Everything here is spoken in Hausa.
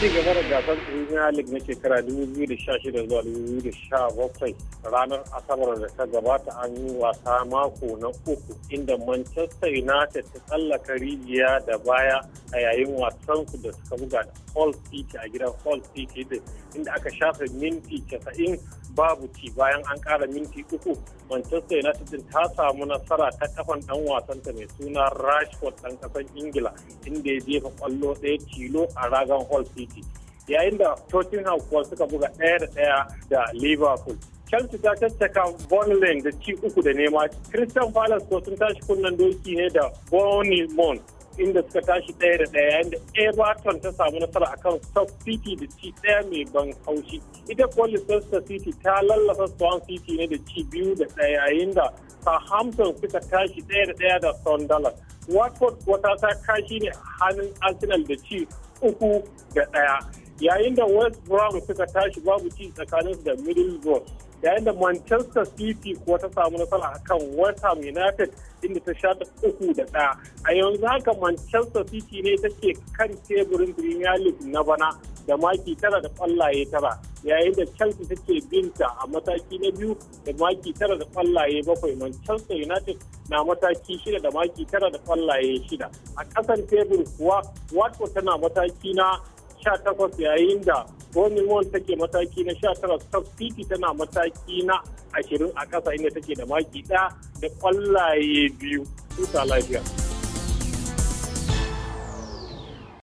ci gaba da gasar premier league na shekara 2016 zuwa 2017 ranar asabar da ta gabata an yi wasa mako na uku inda manchester united ta tsallaka rijiya da baya a yayin wasansu da suka buga da hall city a gidan hall city inda aka shafe minti 90 babu ci bayan an kara minti uku manchester united ta samu nasara ta kafan dan wasanta mai suna rashford dan kasan ingila inda ya jefa kwallo ɗaya tilo a ragan hall city yayin da tottenham kuwa suka buga ɗaya da ɗaya da liverpool Chelsea ta tattaka Burnley da ci uku da nema. christian Palace ko sun tashi kunnen doki ne da Bournemouth inda suka tashi ɗaya da ɗaya yayin da everton ta samu nasara akan south city da ci ɗaya mai ban haushi ita kuwa leicester city ta lallasa swan city ne da ci biyu da ɗaya yayin da southampton suka tashi ɗaya da ɗaya da sunderland watford wata ta kashi ne a hannun arsenal da ci uku da ɗaya yayin da west brom suka tashi babu ci tsakaninsu da middlesbrough yayin da manchester city kuwa ta samu nasara a kan west ham united inda ta sha uku da ɗaya a yanzu haka manchester city ne take kan teburin premier league na bana da maki tara da ƙwallaye tara yayin da chelsea take binta a mataki na biyu da maki tara da ƙwallaye bakwai manchester united na mataki shida da maki tara da ƙwallaye shida a kasan tebur kuwa watford tana mataki na sha takwas yayin da Ronin Wall take mataki na 19, Stock City tana mataki na 20 a ƙasa inda take da maki ɗaya da ƙwallaye biyu. Tuta lafiya.